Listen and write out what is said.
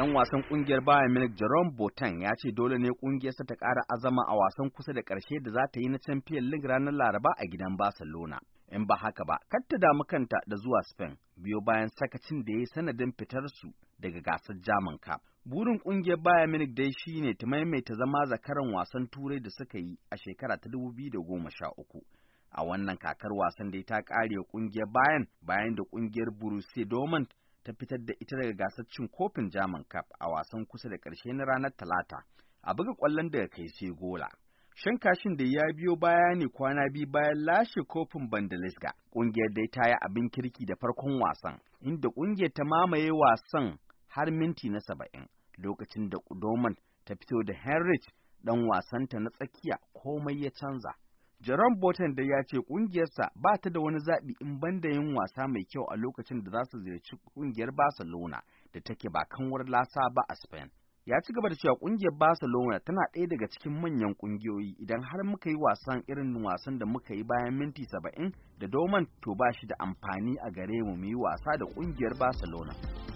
Dan wasan kungiyar Bayern Munich Jerome Boateng ya ce dole ne ƙungiyarsa ta ƙara azama a wasan kusa da ƙarshe da za ta yi na Champions League ranar Laraba a gidan Barcelona. In ba haka ba, kar ta damu kanta da zuwa Spain biyo bayan sakacin da ya yi sanadin fitar su daga gasar German ka. Burin kungiyar Bayern Munich dai shine ta maimaita zama zakaran wasan Turai da suka yi a shekara ta 2013. a wannan kakar wasan da ta kare kungiyar bayan bayan da kungiyar Borussia Dortmund ta fitar da ita daga gasar cin kofin German Cup a wasan kusa da ƙarshe na ranar Talata a buga ƙwallon daga kai sai gola. Shan kashin da ya biyo baya ne kwana biyu bayan lashe kofin bandalisga Ƙungiyar dai ta yi abin kirki da farkon wasan, inda ƙungiyar ta mamaye wasan har minti na saba'in, lokacin da Doman ta fito da Henrich ɗan wasanta na tsakiya komai ya canza. Jerome Boateng da ya ce ƙungiyarsa ba ta da wani zaɓi in banda yin wasa mai kyau a lokacin da za su ziyarci ƙungiyar Barcelona da take ba kanwar lasa ba a Spain. Ya ci gaba da cewa ƙungiyar Barcelona tana ɗaya daga cikin manyan ƙungiyoyi idan har muka yi wasan irin wasan da muka yi bayan minti saba'in da Doman to ba shi da amfani a gare mu mu yi wasa da ƙungiyar Barcelona.